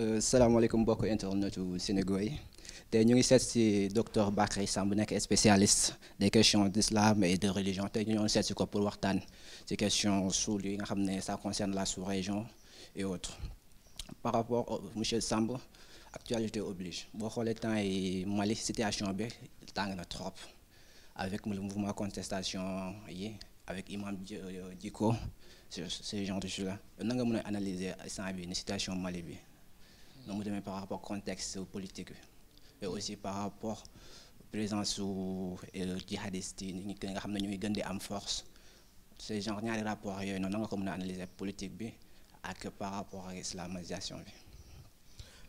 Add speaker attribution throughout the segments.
Speaker 1: Euh, salaamaaleykum mbokk internetu Sénégal yi tey ñu ngi seet si docteur Bakary Samb nekk spécialiste des questions d'islam et de religion tey ñu ngi seet si ko pour waxtaan si question suul yi nga xam ne ça concerne la sous-région et autres par rapport monsieur Samb actualité oblige boo xoolee temps yi Mali situation bi tàng na trop avec le mouvement contestation yi avec imam euh, Dicko ce genre de choses là na nga mën a analyser instant bi ni situation Mali bi. nu mu demee par rapport contexte politique bi et aussi par rapport présence su jihadiste yi ñi nga xam ne ñuy gën di am force c'est genre ñaari rapport yooyu noonu nga ko mën a analyser politique bi ak par rapport ak islamisation bi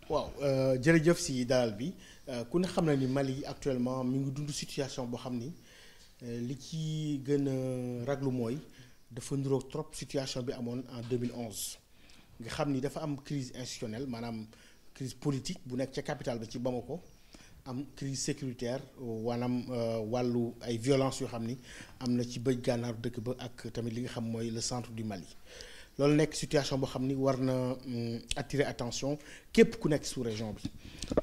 Speaker 2: waaw euh, jërëjëf si dalal bi euh, ku ne xam ne ni Mali actuellement mi ngi dund situation boo xam ni euh, li ci gën a raglu mooy dafa niroog trop situation bi amoon en 2011 nga xam ni dafa am crise institutionnelle maanaam crise politique bu nekk ca capitale ba ci ko am crise sécuritaire waanaam euh, wàllu ay violence yoo xam ni am na ci bëj gànnaaru dëkk ba ak tamit li nga xam mooy le centre du Mali loolu nekk situation boo xam ni war na mm, attirer attention képp ku nekk sous région bi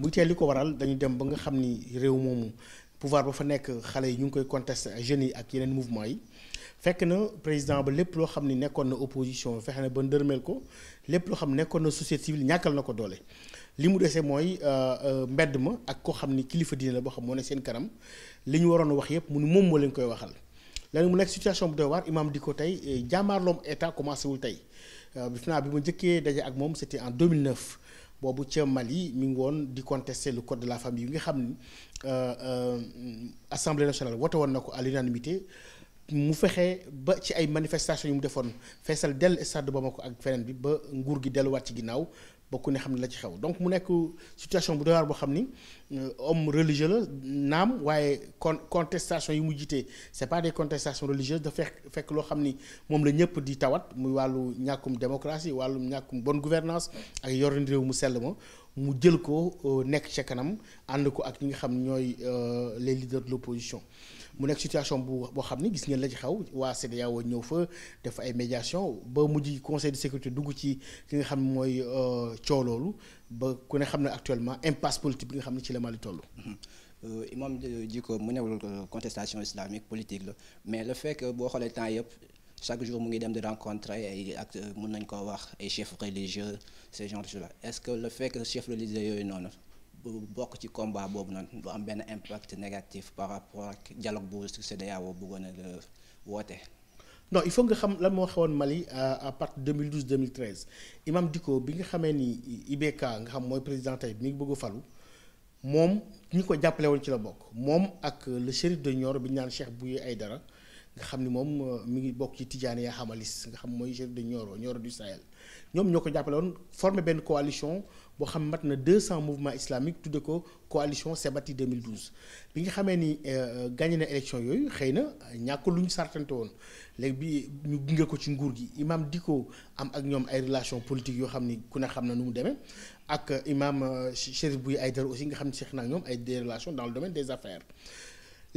Speaker 2: muy teel li ko waral dañu dem ba nga xam ni réew moomu pouvoir ba fa nekk xale yi ñu ngi koy contester ak jeunes yi ak yeneen mouvement yi fekk na président ba lépp loo xam ni nekkoon na opposition fexe na ba ndërmeel ko lépp loo xam nekkoon na société civile ñàkkal na ko doole li mu dese mooy euh, euh, mbedd ma ak koo xam ni kilifa diine la boo xam moo ne seen kanam li ñu waroon wax yëpp mu ni moom moo leen koy waxal. léegi mu nekk situation bu doy waar imaam di ko tey jàmmaarloom état commencé wul tey def euh, naa bi ma njëkkee daje ak moom c'était en 2009. boobu ca Mali mi ngi woon di contester lu code de la famille bi nga xam ni assemblée nationale wote woon na ko à l'unanimité mu fexe ba ci ay manifestation yu mu defoon feesal dell stade ko ak feneen bi ba nguur gi delluwaat ci ginnaaw ba ku ne xam ne la ci xew donc mu nekk situation bu doy boo xam ni euh, homme religieux la naam waaye con contestation yi mu jiitee c'est pas des contestations religieuses dafa fekk loo xam ni moom la ñëpp di tawat muy wàllu ñàkkum démocratie wàllu ñàkkum bon gouvernance ak yorin réew mu sell ma mu jël ko euh, nekk ca kanam ànd ko ak ñi nga xam ñooy euh, les leaders de l'opposition mu nekk situation bu boo xam ni gis ngeen la ci xaw waa CEDEAO ñëw fa def ay médiation ba mujj conseil de sécurité dugg ci ki nga xam mooy euh, coow loolu
Speaker 1: ba ku ne xam ne actuellement impasse politique bi nga xam ne ci la Mali toll. Mhm. imam Dicko mu newul contestation islamique politique la mais le fekk boo xoolee temps yëpp. chaque jour mu ngi dem di rencontrer ay ak euh, mun nañ koo wax ay chefs religieux ce genre de choses est-ce que la fekk que chef religieux yooyu noonu bokk ci combat boobu noonu du am benn impact négatif par rapport ak dialogue bu CEDEAO bëggoon a euh, woote.
Speaker 2: non il faut nga xam lan moo xewoon Mali à partir 2012 2013 Imam diko bi nga xamee ni IBK nga xam mooy président tey mi ngi bëgg falu moom ñi ko jàppale woon ci la bokk moom ak euh, le shérif de Nioro bi ñu naan Cheikh Bouye Aïdara. nga xam ni moom euh, mi ngi bokk ci Tijaaniya Hamalis nga xam mooy chef de Nioro Nioro du Sahel ñoom ñoo ko jàppale woon formé benn coalition boo xam mat na 200 mouvements islamiques tudde ko coalition Sebati 2012 bi nga xamee ni euh, euh, gagné na élection yooyu xëy na ñàkk lu ñu woon léegi bi ñu gunge ko ci nguur gi imam Dicko am ak ñoom ay relation politique yoo xam ni ku ne xam na nu mu demee ak imam Chérif Bouy Aïdara aussi nga xam ne seex naa ñoom ay des relations dans le domaine des affaires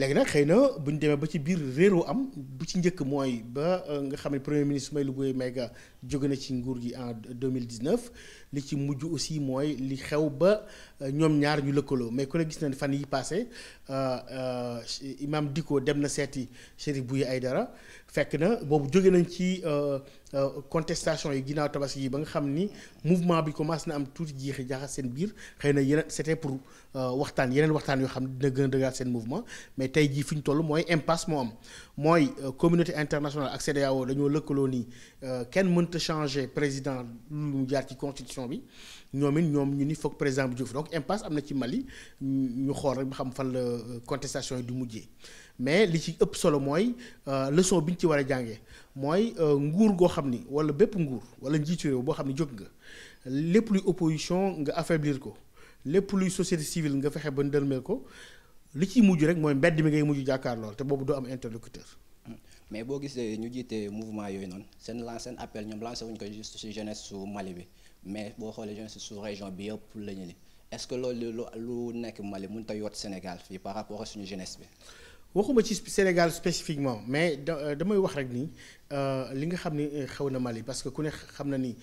Speaker 2: léegi nag xëy na bu ñu demee ba ci biir réeroo am bu ci njëkk mooy ba euh, nga xam ne premier ministre Mbaye Louga Mega jóge na ci nguur gi en deux mille 2019 li ci mujj aussi mooy li xew ba euh, ñoom ñaar ñu lëkkaloo mais ku ne gis nañ fan yi passé euh, imam Dicko dem na seeti Chérif ay dara fekk na boobu jóge nañ ci euh, euh, contestation yi ginnaaw tabaski yi ba nga xam ni mouvement bi commencé na am tuuti jiixi jaaxa seen biir xëy na yeneen c'était pour euh, waxtaan yeneen waxtaan yoo xam ne dina gën a dëggaat seen mouvement mais tey jii fi ñu toll mooy impasse moo am mooy communauté internationale ak CEDEAO dañoo lëkkaloo nii kenn mënta changer président lu mu jaar ci constitution bi ñoom it ñoom ñu ni foog président bi jóg donc impasse na ci Mali ñu xool rek xam fan la contestation yi du mujjee mais li ci ëpp solo mooy euh, leçon bi ñu ci war a jàngee mooy euh, nguur goo xam ni wala bépp nguur wala njiitu réew boo xam ni jóg nga lépp luy opposition nga affaiblir ko lépp luy société civile nga fexe ba ndërmeel ko li ci mujj rek mooy mbedd mi ngay mujj jàkkaar lool te boobu doo am interlocuteur.
Speaker 1: mais boo gisee ñu jiitee mouvement yooyu noonu seen lan seen appel ñoom lancé wuñ ko juste ci jeunesse su Mali bi mais boo xoolee jeunesse su région bi yëpp la ñu ni est-ce que loolu lu nekk Mali mënut a yoot fii par rapport ak suñu jeunesse bi.
Speaker 2: waxuma ci Sénégal spécifiquement mais euh, damay wax rek ni euh, li nga xam ni euh, xew na Mali parce que ku ne xam na ni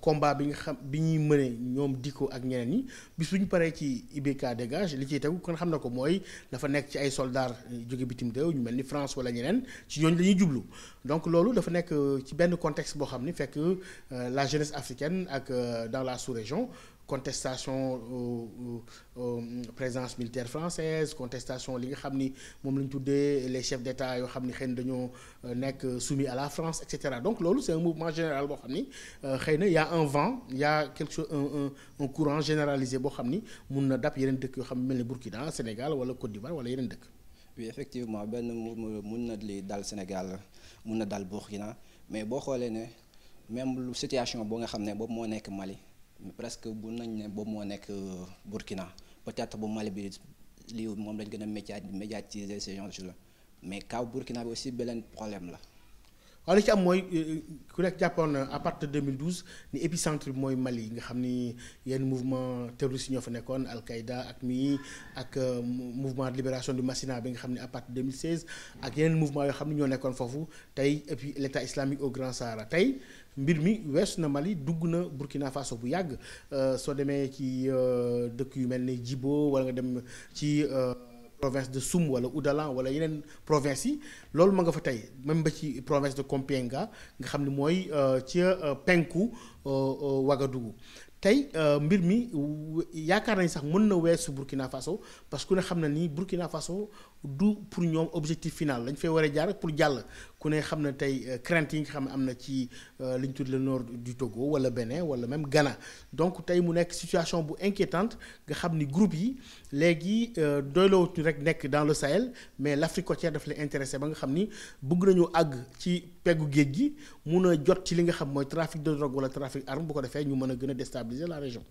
Speaker 2: combat bi nga xam bi ñuy mënee ñoom Dicko ak ñeneen yi bis bu ñu paree ci IBK dégage li ciy tegu kon xam na ko mooy dafa nekk ci ay soldats jóge bitim réew ñu mel ni France wala ñeneen ci ñooñu la ñuy jublu donc loolu dafa nekk ci benn contexte boo xam ni fekk la jeunesse africaine ak dans la sous-région contestation euh, euh, euh, présence militaire française contestation li nga xam ni moom la ñu tuddee les chefs d'État yoo xam ni xëy na dañoo nekk soumis à la France et donc loolu c'est un mouvement général boo xam ni xëy na yaa a un vent y a quelque chose un un courant généralisé boo xam ni mun na dab yeneen dëkk yoo xam ne mel ni Burkina Sénégal wala Côte d'Ivoire wala yeneen dëkk.
Speaker 1: effectivement benn mu mun na li dal Sénégal mun na dal Burkina mais boo xoolee ne même lu situation boo nga xam ne boobu moo nekk Mali. presque bu nañ ne boobu moo nekk euh, Burkina peut-être bu Mali bi lii moom dañ gën a médiatiser ce genre de choses mais kaw Burkina bi aussi beneen problème la waaw ci
Speaker 2: am mooy euh, euh, ku nekk jàppoon na à partir de 2012 ni épicentre bi mooy Mali nga xam ni yenn mouvement terroriste ñoo fa nekkoon Al-Qaïda ak mii ak euh, mouvement de libération du Massina bi nga xam ne à partir de 2016 ak yeneen mouvement yoo xam ne ñoo nekkoon foofu tey et puis l'État islamique au Grand Sahara tey mbir mi weesu na Mali dugg na Burkina Faso bu yàgg soo demee ci dëkk yu mel ni Djibo wala nga dem ci. province de Soum wala Oudalan wala yeneen province yi loolu ma nga fa tey même ba ci province de Kompienga nga xam ne mooy euh, ca euh, penku euh, Ouagadougou tey euh, mbir mi yaakaar nañ sax mën na weesu Burkina Faso parce que ku ne xam na ni Burkina Faso du pour ñoom objectif final lañu fay war a jaar pour jàll ku ne xam na tey euh, crainte yi nga xam ne am na ci euh, li tudd le nord du Togo wala Bénin wala même Ghana donc tey mu nekk situation bu inquiétante nga xam ni groupe yi léegi doylootuñu rek nekk dans le Sahel mais l'Afrique côtière daf la intéressé ba nga xam ni bëgg nañu àgg ci peggu géej gi mun a jot ci li nga xam mooy trafic de drogue wala trafic arme bu ko defee ñu mën a gën a déstabiliser déstabiliser la région